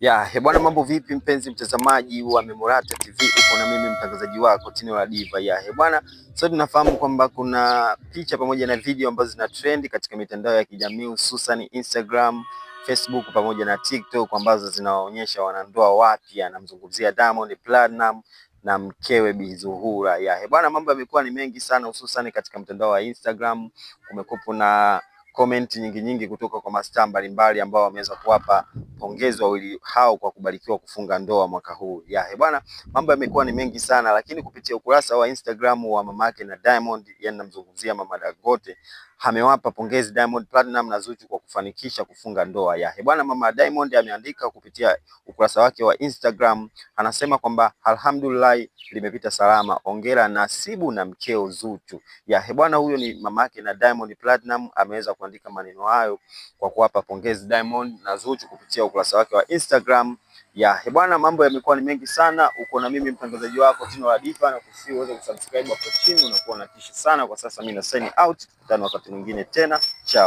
Ya, hebwana mambo vipi mpenzi mtazamaji wa Memorata TV, uko na mimi mtangazaji wako Tino la Diva. Ya, hebwana sote tunafahamu kwamba kuna picha pamoja na video ambazo zina trend katika mitandao ya kijamii hususan Instagram, Facebook pamoja na TikTok ambazo zinawaonyesha wanandoa wapya, namzungumzia Diamond Platinum na mkewe Bi Zuhura. Ya, hebwana mambo yamekuwa ni mengi sana hususan katika mtandao wa Instagram, kumekupo na komenti nyingi nyingi kutoka kwa mastaa mbalimbali ambao wameweza kuwapa pongezi wawili hao kwa kubarikiwa kufunga ndoa mwaka huu. ya eh, bwana, mambo yamekuwa ni mengi sana, lakini kupitia ukurasa wa Instagram wa mamake na Diamond, yani namzungumzia mama Dangote, amewapa pongezi Diamond Platinum na Zuchu kwa kufanikisha kufunga ndoa. ya eh, bwana, mama Diamond ameandika kupitia ukurasa wake wa Instagram anasema kwamba alhamdulillah, limepita salama, ongera Nasibu na mkeo Zuchu. Ya bwana, huyo ni mamake na Diamond Platinum ameweza kuandika maneno hayo kwa kuwapa pongezi Diamond na Zuchu kupitia ukurasa wake wa Instagram. Ya bwana, mambo yamekuwa ni mengi sana. Uko na mimi mtangazaji wako Tino Diva, na kusii uweze kusubscribe hapo chini, unakuwa na kishi sana kwa sasa. Mimi na sign out, tukutane wakati mwingine tena, chao.